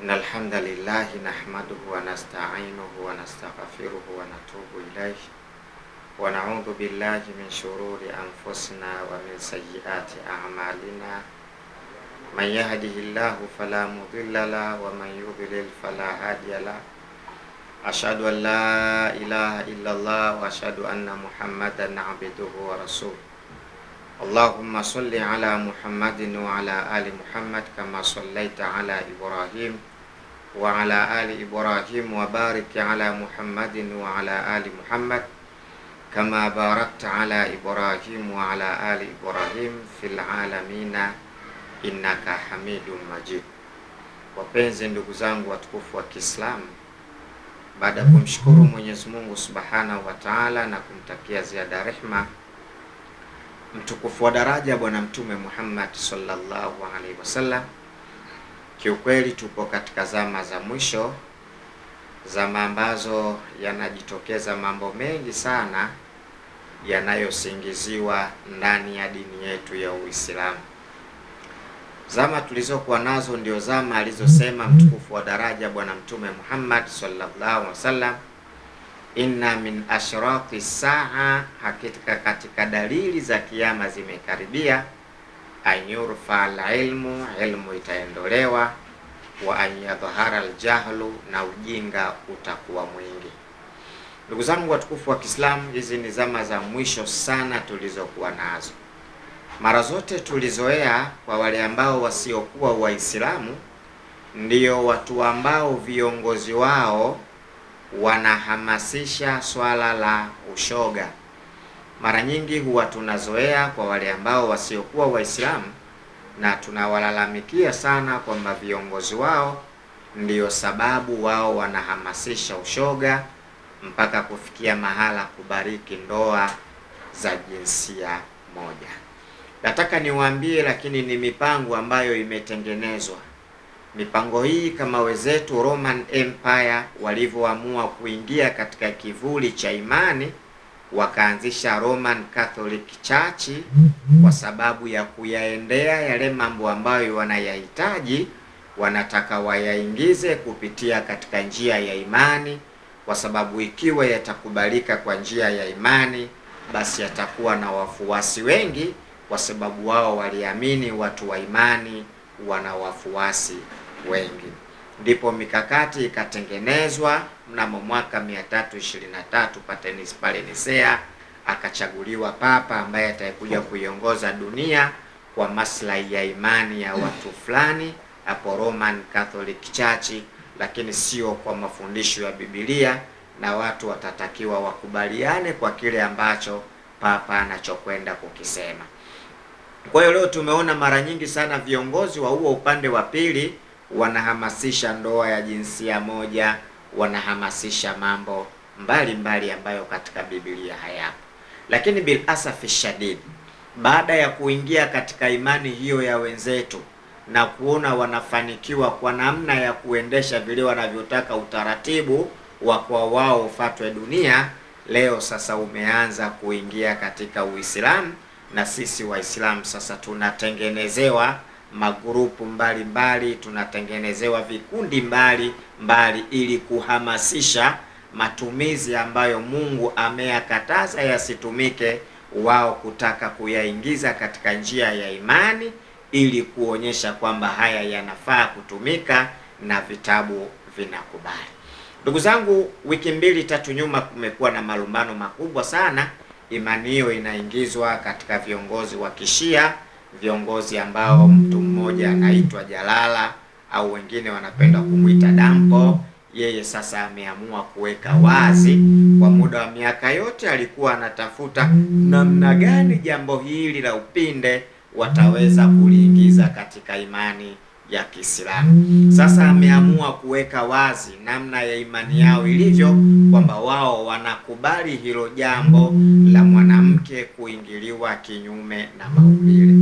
إن الحمد لله نحمده ونستعينه ونستغفره ونتوب إليه ونعوذ بالله من شرور أنفسنا ومن سيئات أعمالنا من يهده الله فلا مضل له ومن يضلل فلا هادي له أشهد أن لا إله إلا الله وأشهد أن محمدا عبده ورسوله Allahumma salli ala Muhammadin wa ala ali Muhammad kama sallaita ala Ibrahim wa ala ali Ibrahim wa barik ala Muhammadin wa ala ali Muhammad kama barakta ala Ibrahim wa ala ali Ibrahim fil alamina innaka hamidun majid. Wapenzi ndugu zangu watukufu wa Kiislamu, baada ya kumshukuru Mwenyezi Mungu Subhanahu wa Ta'ala na kumtakia ziada rehma mtukufu wa daraja Bwana Mtume Muhammad sallallahu alaihi wasallam. Kiukweli tupo katika zama za mwisho, zama ambazo yanajitokeza mambo mengi sana yanayosingiziwa ndani ya dini yetu ya Uislamu. Zama tulizokuwa nazo ndio zama alizosema mtukufu wa daraja Bwana Mtume Muhammad sallallahu alaihi wasallam inna min ashraqi saa, hakika katika dalili za kiyama zimekaribia. Anyurfa alilmu, ilmu itaendolewa Wa anyadhhara aljahlu, na ujinga utakuwa mwingi. Ndugu zangu watukufu wa Kiislamu, hizi ni zama za mwisho sana tulizokuwa nazo. Mara zote tulizoea kwa wale ambao wasiokuwa Waislamu, ndio watu ambao viongozi wao wanahamasisha swala la ushoga. Mara nyingi huwa tunazoea kwa wale ambao wasiokuwa Waislamu na tunawalalamikia sana kwamba viongozi wao ndiyo sababu wao wanahamasisha ushoga mpaka kufikia mahala kubariki ndoa za jinsia moja. Nataka niwaambie, lakini ni mipango ambayo imetengenezwa Mipango hii kama wenzetu Roman Empire walivyoamua kuingia katika kivuli cha imani wakaanzisha Roman Catholic Church kwa sababu ya kuyaendea yale mambo ambayo wanayahitaji, wanataka wayaingize kupitia katika njia ya imani, kwa sababu ikiwa yatakubalika kwa njia ya imani, basi yatakuwa na wafuasi wengi, kwa sababu wao waliamini watu wa imani wana wafuasi wengi. Ndipo mikakati ikatengenezwa mnamo mwaka 323 pale Nisea, akachaguliwa papa ambaye atakuja kuiongoza dunia kwa maslahi ya imani ya watu fulani hapo Roman Catholic Church, lakini sio kwa mafundisho ya Biblia, na watu watatakiwa wakubaliane kwa kile ambacho papa anachokwenda kukisema. Kwa hiyo leo tumeona mara nyingi sana viongozi wa huo upande wa pili wanahamasisha ndoa ya jinsia moja, wanahamasisha mambo mbalimbali mbali ambayo katika Biblia hayapo. Lakini bil asafi shadid, baada ya kuingia katika imani hiyo ya wenzetu na kuona wanafanikiwa kwa namna ya kuendesha vile wanavyotaka utaratibu wa kwa wao ufatwe dunia, leo sasa umeanza kuingia katika Uislamu na sisi Waislamu sasa tunatengenezewa magurupu mbalimbali, tunatengenezewa vikundi mbali mbali ili kuhamasisha matumizi ambayo Mungu ameyakataza yasitumike, wao kutaka kuyaingiza katika njia ya imani ili kuonyesha kwamba haya yanafaa kutumika na vitabu vinakubali. Ndugu zangu, wiki mbili tatu nyuma kumekuwa na malumbano makubwa sana. Imani hiyo inaingizwa katika viongozi wa Kishia viongozi ambao mtu mmoja anaitwa Jalala au wengine wanapenda kumwita Dampo. Yeye sasa ameamua kuweka wazi, kwa muda wa miaka yote alikuwa anatafuta namna gani jambo hili la upinde wataweza kuliingiza katika imani ya Kiislamu. Sasa ameamua kuweka wazi namna ya imani yao ilivyo, kwamba wao wanakubali hilo jambo la mwanamke kuingiliwa kinyume na maumbile.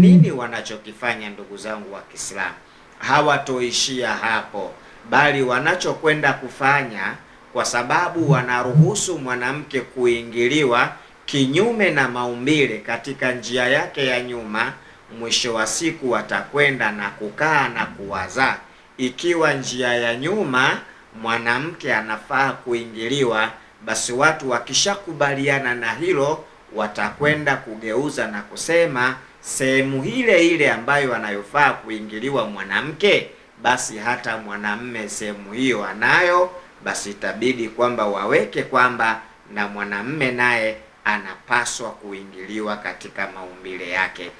Nini wanachokifanya ndugu zangu wa Kiislamu? Hawatoishia hapo, bali wanachokwenda kufanya, kwa sababu wanaruhusu mwanamke kuingiliwa kinyume na maumbile katika njia yake ya nyuma mwisho wa siku watakwenda na kukaa na kuwazaa. Ikiwa njia ya nyuma mwanamke anafaa kuingiliwa, basi watu wakishakubaliana na hilo watakwenda kugeuza na kusema sehemu ile ile ambayo anayofaa kuingiliwa mwanamke, basi hata mwanamme sehemu hiyo anayo, basi itabidi kwamba waweke kwamba na mwanamme naye anapaswa kuingiliwa katika maumbile yake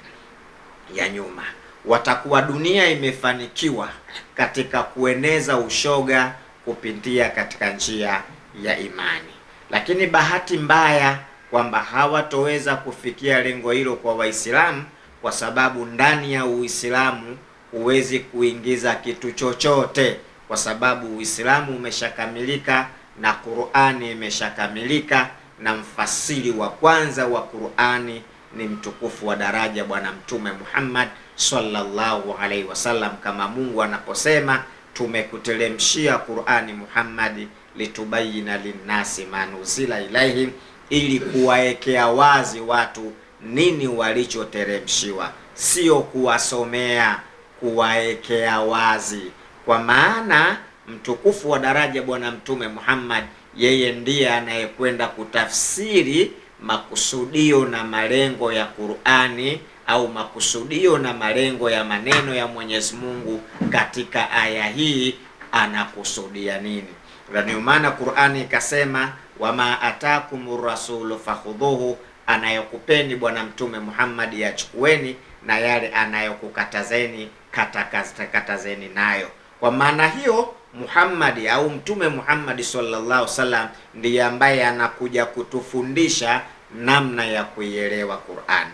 ya nyuma, watakuwa dunia imefanikiwa katika kueneza ushoga kupitia katika njia ya imani, lakini bahati mbaya kwamba hawatoweza kufikia lengo hilo kwa Waislamu kwa sababu ndani ya Uislamu huwezi kuingiza kitu chochote, kwa sababu Uislamu umeshakamilika na Qur'ani imeshakamilika na mfasiri wa kwanza wa Qur'ani ni mtukufu wa daraja Bwana Mtume Muhammad sallallahu alaihi wasallam, kama Mungu anaposema tumekuteremshia Qur'ani Muhammad litubayina linnasi manuzila ilaihi ili kuwaekea wazi watu nini walichoteremshiwa, sio kuwasomea, kuwaekea wazi. Kwa maana mtukufu wa daraja Bwana Mtume Muhammad yeye ndiye anayekwenda kutafsiri makusudio na malengo ya Qur'ani au makusudio na malengo ya maneno ya Mwenyezi Mungu katika aya hii anakusudia nini? Na ndio maana Qur'ani ikasema wama atakumur rasulu fakhudhuhu, anayokupeni Bwana Mtume Muhammad yachukueni, na yale anayokukatazeni katakatazeni nayo. Kwa maana hiyo Muhammad au Mtume Muhammad sallallahu alaihi wasallam ndiye ambaye anakuja kutufundisha namna ya kuielewa Qur'an.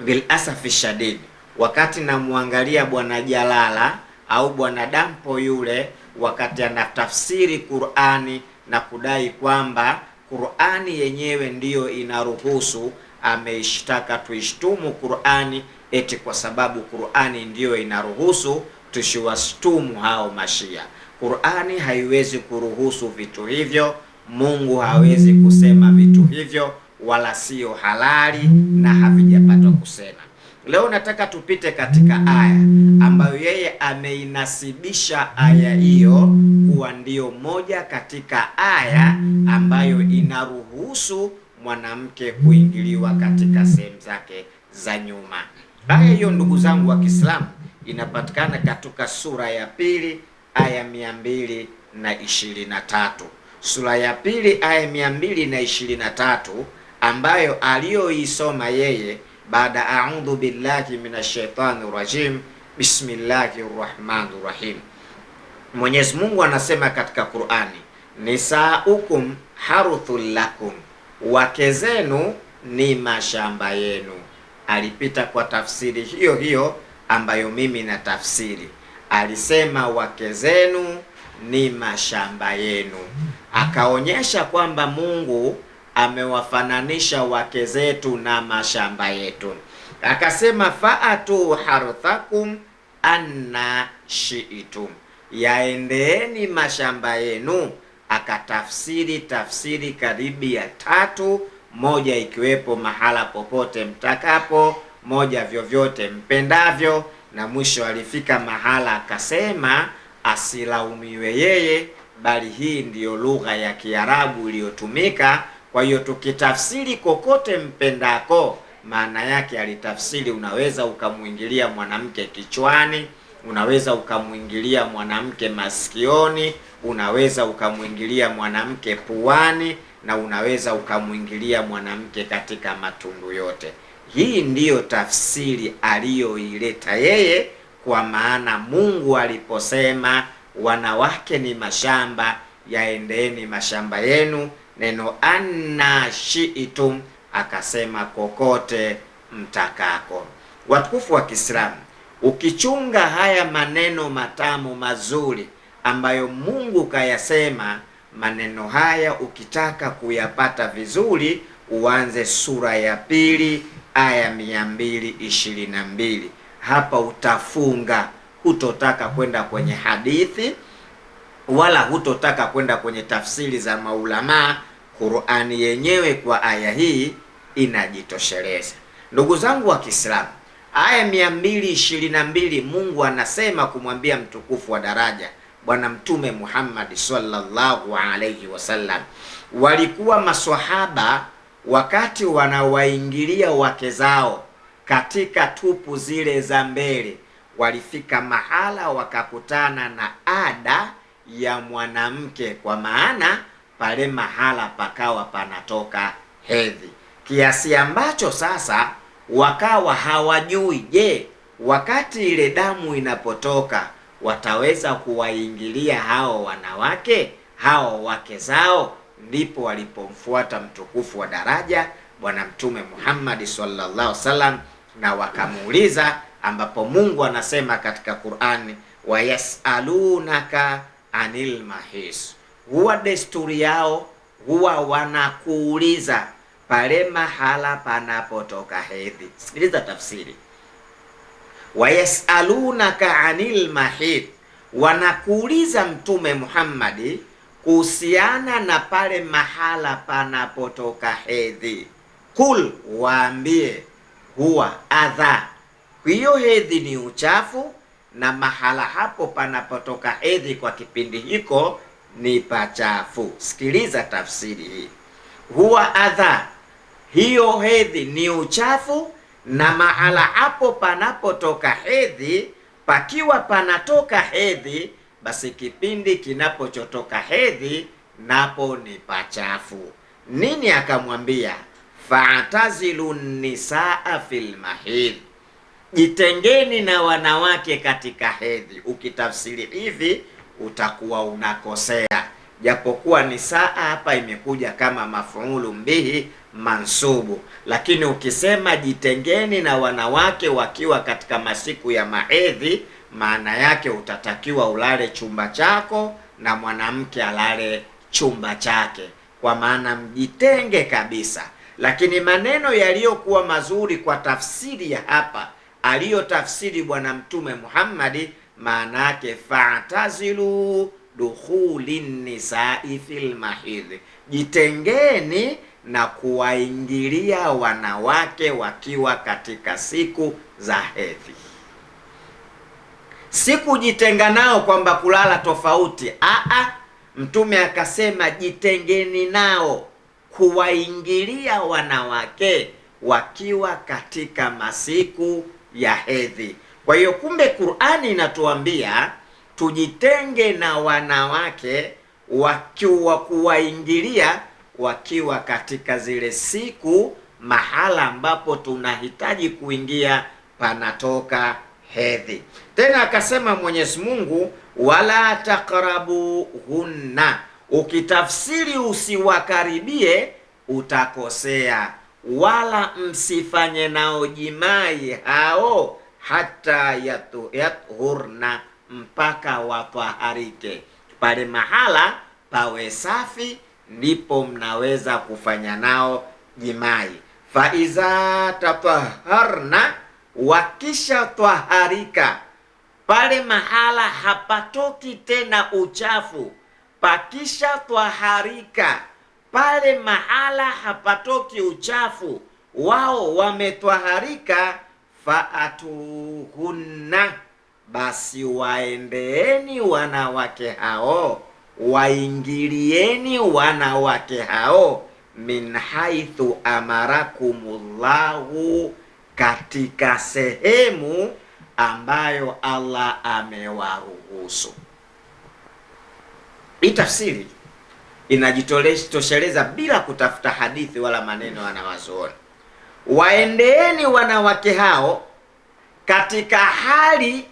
Bil asafi shadid, wakati namwangalia bwana Jalala au bwana Dampo yule wakati anatafsiri Qur'ani na kudai kwamba Qur'ani yenyewe ndiyo inaruhusu, ameishtaka tuishtumu Qur'ani eti kwa sababu Qur'ani ndiyo inaruhusu tushiwastumu hao mashia. Qur'ani haiwezi kuruhusu vitu hivyo, Mungu hawezi kusema vitu hivyo, wala sio halali na havijapatwa kusema. Leo nataka tupite katika aya ambayo yeye ameinasibisha aya hiyo kuwa ndiyo moja katika aya ambayo inaruhusu mwanamke kuingiliwa katika sehemu zake za nyuma. Aya hiyo, ndugu zangu wa Kiislamu inapatikana katika sura ya pili aya mia mbili na ishirini na tatu sura ya pili aya mia mbili na ishirini na tatu ambayo aliyoisoma yeye baada audhu billahi minashaitani rajim bismillahi rahmani rahim. Mwenyezi Mungu anasema katika Qurani, nisaukum haruthu lakum, wake zenu ni mashamba yenu. Alipita kwa tafsiri hiyo hiyo ambayo mimi na tafsiri alisema, wake zenu ni mashamba yenu. Akaonyesha kwamba Mungu amewafananisha wake zetu na mashamba yetu, akasema faatu harthakum anna shiitum, yaendeeni mashamba yenu. Akatafsiri tafsiri karibi ya tatu, moja ikiwepo mahala popote mtakapo moja vyovyote mpendavyo. Na mwisho alifika mahala akasema asilaumiwe yeye, bali hii ndiyo lugha ya Kiarabu iliyotumika. Kwa hiyo tukitafsiri kokote mpendako, maana yake alitafsiri, unaweza ukamwingilia mwanamke kichwani, unaweza ukamwingilia mwanamke masikioni, unaweza ukamwingilia mwanamke puani, na unaweza ukamwingilia mwanamke katika matundu yote. Hii ndiyo tafsiri aliyoileta yeye, kwa maana Mungu aliposema wanawake ni mashamba, yaendeni mashamba yenu, neno anna shiitum, akasema kokote mtakako. Watukufu wa Kiislamu, ukichunga haya maneno matamu mazuri ambayo Mungu kayasema, maneno haya ukitaka kuyapata vizuri, uanze sura ya pili aya mia mbili ishirini na mbili. Hapa utafunga, hutotaka kwenda kwenye hadithi wala hutotaka kwenda kwenye tafsiri za maulamaa. Qur'ani yenyewe kwa aya hii inajitosheleza. Ndugu zangu wa Kiislamu, aya mia mbili ishirini na mbili Mungu anasema kumwambia mtukufu wa daraja Bwana Mtume Muhammad sallallahu alaihi wasallam, walikuwa maswahaba wakati wanawaingilia wake zao katika tupu zile za mbele, walifika mahala wakakutana na ada ya mwanamke, kwa maana pale mahala pakawa panatoka hedhi, kiasi ambacho sasa wakawa hawajui, je, wakati ile damu inapotoka wataweza kuwaingilia hao wanawake hao wake zao ndipo walipomfuata mtukufu wa daraja Bwana Mtume Muhammad sallallahu alaihi wasallam na wakamuuliza, ambapo Mungu anasema katika Qur'ani, wayasalunaka anil mahis, huwa desturi yao huwa wanakuuliza pale mahala panapotoka hedhi. Sikiliza tafsiri, wayasalunaka anil mahid, wanakuuliza Mtume Muhammadi kuhusiana na pale mahala panapotoka hedhi. Kul, waambie, huwa adha, hiyo hedhi ni uchafu, na mahala hapo panapotoka hedhi kwa kipindi hiko ni pachafu. Sikiliza tafsiri hii, huwa adha, hiyo hedhi ni uchafu, na mahala hapo panapotoka hedhi, pakiwa panatoka hedhi basi kipindi kinapochotoka hedhi napo ni pachafu. Nini akamwambia, fatazilu nisaa fil mahid, jitengeni na wanawake katika hedhi. Ukitafsiri hivi utakuwa unakosea japokuwa ni saa hapa imekuja kama mafuulu mbihi mansubu, lakini ukisema jitengeni na wanawake wakiwa katika masiku ya maedhi, maana yake utatakiwa ulale chumba chako na mwanamke alale chumba chake, kwa maana mjitenge kabisa. Lakini maneno yaliyokuwa mazuri kwa tafsiri ya hapa aliyotafsiri Bwana Mtume Muhammadi, maana yake fatazilu dukhuli nisai fil mahidhi, jitengeni na kuwaingilia wanawake wakiwa katika siku za hedhi. sikujitenga nao kwamba kulala tofauti. Aa, Mtume akasema jitengeni nao, kuwaingilia wanawake wakiwa katika masiku ya hedhi. Kwa hiyo kumbe Qur'ani inatuambia tujitenge na wanawake wakiwa kuwaingilia wakiwa katika zile siku mahala ambapo tunahitaji kuingia panatoka hedhi. Tena akasema Mwenyezi Mungu, wala takrabu hunna. Ukitafsiri usiwakaribie, utakosea. Wala msifanye nao jimai hao hata yatuhurna mpaka wapaharike. Pale mahala pawe safi, ndipo mnaweza kufanya nao jimai. iza tatwaharna, wakisha twaharika, pale mahala hapatoki tena uchafu. Pakisha twaharika, pale mahala hapatoki uchafu, wao wametwaharika. Faatuhunna basi waendeeni wanawake hao, waingilieni wanawake hao min haithu amarakumullahu, katika sehemu ambayo Allah amewaruhusu. Hii tafsiri inajitosheleza bila kutafuta hadithi wala maneno wanawazuoni. Waendeeni wanawake hao katika hali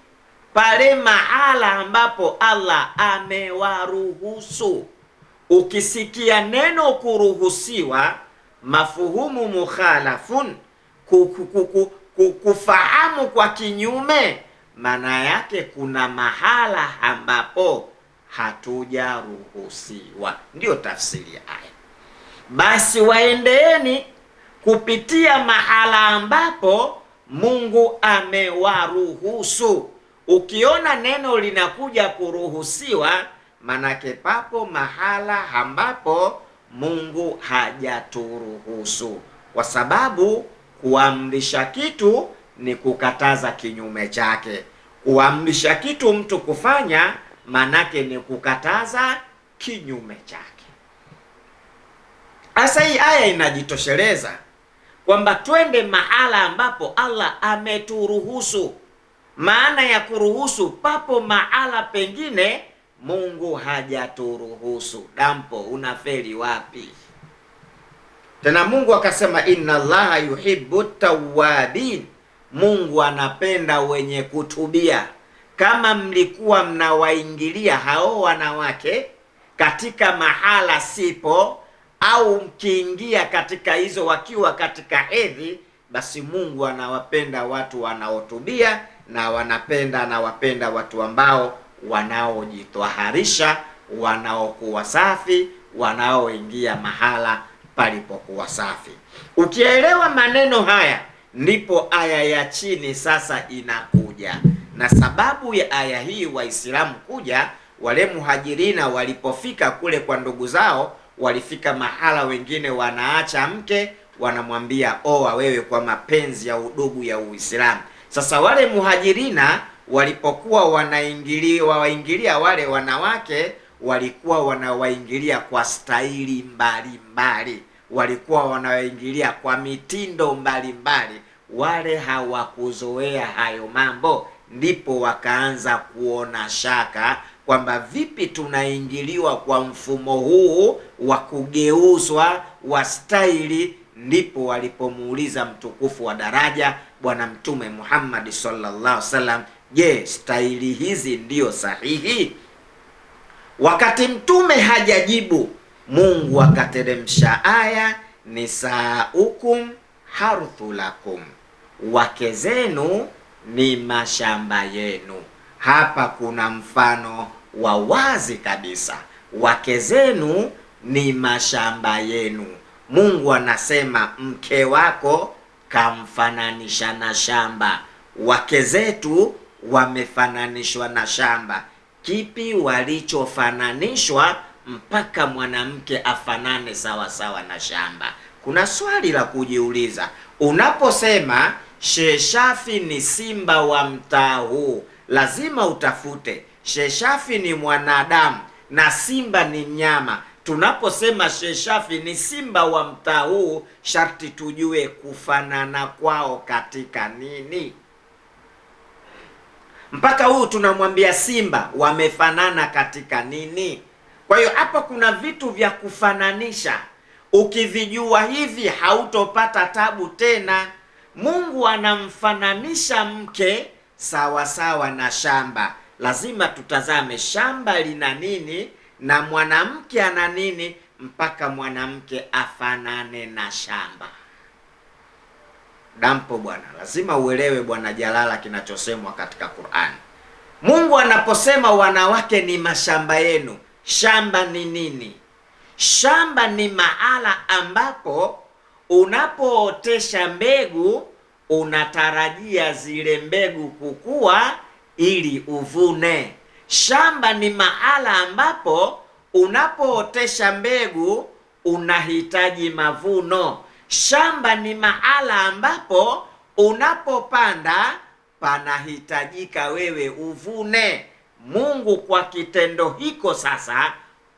pale mahala ambapo Allah amewaruhusu. Ukisikia neno kuruhusiwa, mafuhumu mukhalafun, kufahamu kwa kinyume, maana yake kuna mahala ambapo hatujaruhusiwa. Ndiyo tafsiri ya aya. Basi waendeeni kupitia mahala ambapo Mungu amewaruhusu Ukiona neno linakuja kuruhusiwa, manake papo mahala ambapo Mungu hajaturuhusu, kwa sababu kuamrisha kitu ni kukataza kinyume chake. Kuamrisha kitu mtu kufanya, manake ni kukataza kinyume chake. Sasa hii aya inajitosheleza kwamba twende mahala ambapo Allah ameturuhusu maana ya kuruhusu, papo mahala pengine Mungu hajaturuhusu. Dampo, unafeli wapi? Tena Mungu akasema, inna Allaha yuhibbu tawabin, Mungu anapenda wenye kutubia. Kama mlikuwa mnawaingilia hao wanawake katika mahala sipo, au mkiingia katika hizo wakiwa katika hedhi, basi Mungu anawapenda watu wanaotubia na wanapenda na wapenda watu ambao wanaojitwaharisha, wanaokuwa safi, wanaoingia mahala palipokuwa safi. Ukielewa maneno haya, ndipo aya ya chini sasa inakuja, na sababu ya aya hii Waislamu kuja, wale muhajirina walipofika kule kwa ndugu zao, walifika mahala, wengine wanaacha mke, wanamwambia oa wewe, kwa mapenzi ya udugu ya Uislamu. Sasa wale muhajirina walipokuwa wanaingilia waingilia wale wanawake walikuwa wanawaingilia kwa staili mbalimbali, walikuwa wanawaingilia kwa mitindo mbalimbali. Wale hawakuzoea hayo mambo, ndipo wakaanza kuona shaka kwamba vipi tunaingiliwa kwa mfumo huu wa kugeuzwa wa staili. Ndipo walipomuuliza mtukufu wa daraja Bwana Mtume Muhammad sallallahu alaihi wasallam. Je, staili hizi ndiyo sahihi? Wakati mtume hajajibu, Mungu akateremsha aya, nisaukum harthulakum, wake zenu ni mashamba yenu. Hapa kuna mfano wa wazi kabisa, wake zenu ni mashamba yenu. Mungu anasema mke wako kamfananisha na shamba. Wake zetu wamefananishwa na shamba. Kipi walichofananishwa mpaka mwanamke afanane sawa sawa na shamba? Kuna swali la kujiuliza. Unaposema Sheshafi ni simba wa mtaa huu, lazima utafute Sheshafi ni mwanadamu na simba ni mnyama tunaposema Sheshafi ni simba wa mtaa huu, sharti tujue kufanana kwao katika nini. Mpaka huu tunamwambia simba wamefanana katika nini. Kwa hiyo hapa kuna vitu vya kufananisha, ukivijua hivi hautopata tabu tena. Mungu anamfananisha mke sawasawa na shamba. Lazima tutazame shamba lina nini na mwanamke ana nini mpaka mwanamke afanane na shamba dampo. Bwana, lazima uelewe bwana Jalala kinachosemwa katika Qur'an. Mungu anaposema wanawake ni mashamba yenu, shamba ni nini? Shamba ni mahala ambapo unapootesha mbegu unatarajia zile mbegu kukua ili uvune. Shamba ni mahala ambapo unapootesha mbegu unahitaji mavuno. Shamba ni mahala ambapo unapopanda panahitajika wewe uvune. Mungu kwa kitendo hiko sasa,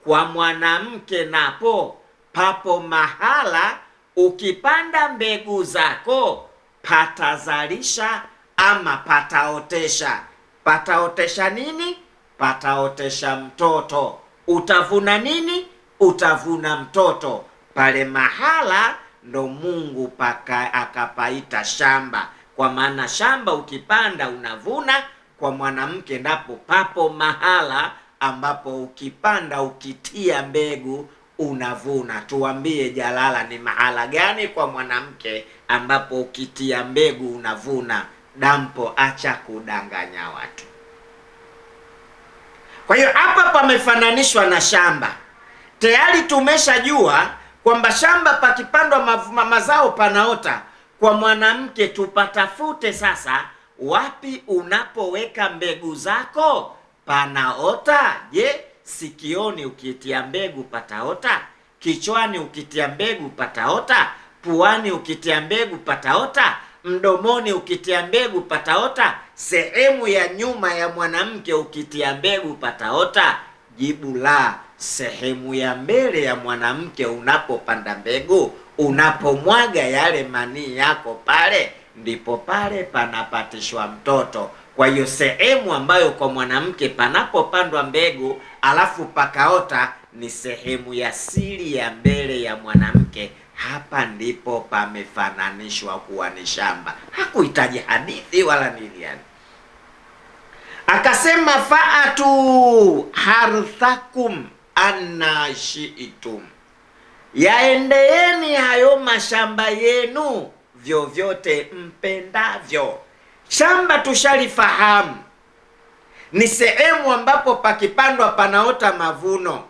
kwa mwanamke napo papo mahala, ukipanda mbegu zako patazalisha ama pataotesha. Pataotesha nini? pataotesha mtoto. Utavuna nini? Utavuna mtoto. Pale mahala ndo Mungu paka akapaita shamba, kwa maana shamba ukipanda unavuna. Kwa mwanamke ndapo papo mahala ambapo ukipanda ukitia mbegu unavuna. Tuambie Jalala, ni mahala gani kwa mwanamke ambapo ukitia mbegu unavuna? Dampo, acha kudanganya watu. Kwa hiyo hapa pamefananishwa na shamba. Tayari tumeshajua kwamba shamba pakipandwa mazao panaota. Kwa mwanamke tupatafute sasa, wapi unapoweka mbegu zako panaota? Je, sikioni ukitia mbegu pataota? Kichwani ukitia mbegu pataota? Puani ukitia mbegu pataota? mdomoni ukitia mbegu pataota, sehemu ya nyuma ya mwanamke ukitia mbegu pataota? Jibu la, sehemu ya mbele ya mwanamke unapopanda mbegu, unapomwaga yale manii yako, pale ndipo pale panapatishwa mtoto. Kwa hiyo sehemu ambayo kwa mwanamke panapopandwa mbegu alafu pakaota ni sehemu ya siri ya mbele ya mwanamke hapa ndipo pamefananishwa kuwa ni shamba. Hakuhitaji hadithi wala nini, yani akasema faatu harthakum anna yaendeeni hayo mashamba yenu vyovyote mpendavyo. Shamba tushalifahamu ni sehemu ambapo pakipandwa panaota mavuno,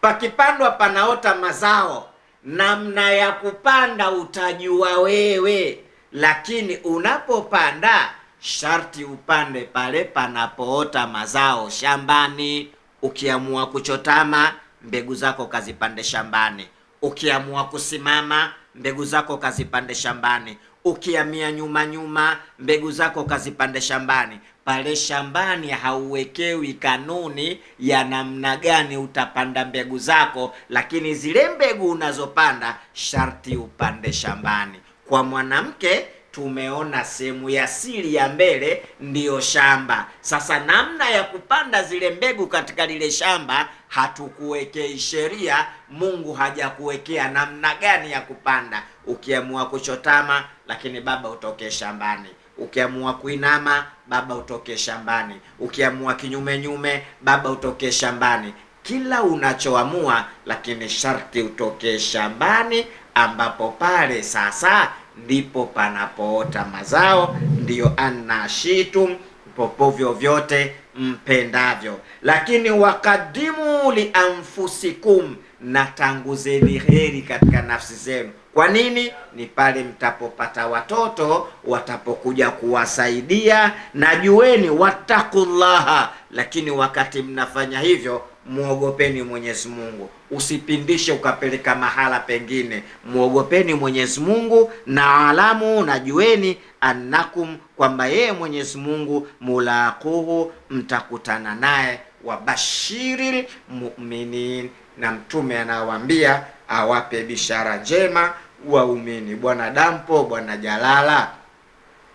pakipandwa panaota mazao namna ya kupanda utajua wewe, lakini unapopanda sharti upande pale panapoota mazao shambani. Ukiamua kuchotama, mbegu zako kazipande shambani. Ukiamua kusimama, mbegu zako kazipande shambani. Ukiamia nyuma nyuma, mbegu zako kazipande shambani pale shambani hauwekewi kanuni ya namna gani utapanda mbegu zako, lakini zile mbegu unazopanda sharti upande shambani. Kwa mwanamke tumeona sehemu ya siri ya mbele ndiyo shamba. Sasa namna ya kupanda zile mbegu katika lile shamba hatukuwekei sheria. Mungu hajakuwekea namna gani ya kupanda. Ukiamua kuchotama, lakini baba utokee shambani. Ukiamua kuinama, baba utoke shambani. Ukiamua kinyume nyume, baba utoke shambani. Kila unachoamua, lakini sharti utoke shambani, ambapo pale sasa ndipo panapoota mazao. Ndiyo anashitu popovyo vyote mpendavyo. Lakini wakadimu li anfusikum, na tanguzeni heri katika nafsi zenu. Kwa nini? Ni pale mtapopata watoto watapokuja kuwasaidia, na jueni wattaqullaha, lakini wakati mnafanya hivyo muogopeni Mwenyezi Mungu, usipindishe ukapeleka mahala pengine. Muogopeni Mwenyezi Mungu na alamu na jueni annakum, kwamba yeye Mwenyezi Mungu mulaquhu, mtakutana naye. Wabashiril mu'minin, na Mtume anawaambia awape bishara njema waumini. Bwana Dampo, Bwana Jalala,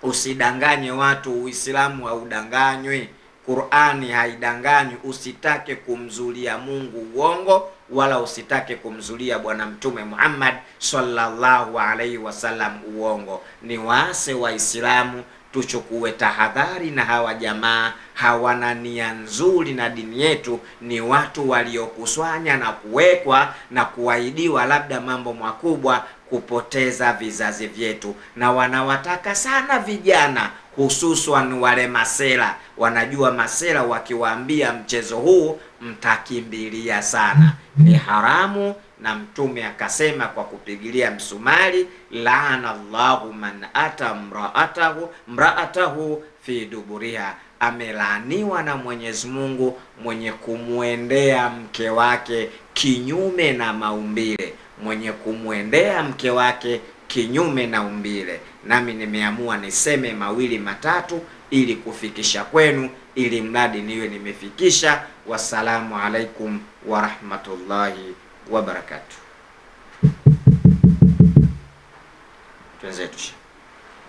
usidanganye watu. Uislamu haudanganywi, Qurani haidanganywi. Usitake kumzulia Mungu uongo wala usitake kumzulia Bwana Mtume Muhammad sallallahu alaihi wasallam uongo. Ni waase Waislamu tuchukue tahadhari na hawa jamaa, hawana nia nzuri na dini yetu. Ni watu waliokusanya na kuwekwa na kuahidiwa labda mambo makubwa, kupoteza vizazi vyetu, na wanawataka sana vijana, hususan wale masela. Wanajua masela wakiwaambia mchezo huu mtakimbilia sana, ni haramu na Mtume akasema kwa kupigilia msumari, laana llahu man ata mraatahu mraatahu fi duburiha, amelaaniwa na Mwenyezi Mungu mwenye kumwendea mke wake kinyume na maumbile mwenye kumwendea mke wake kinyume na umbile. Nami nimeamua niseme mawili matatu ili kufikisha kwenu, ili mradi niwe nimefikisha. Wassalamu alaikum warahmatullahi wabarakatuh. Twenzetu.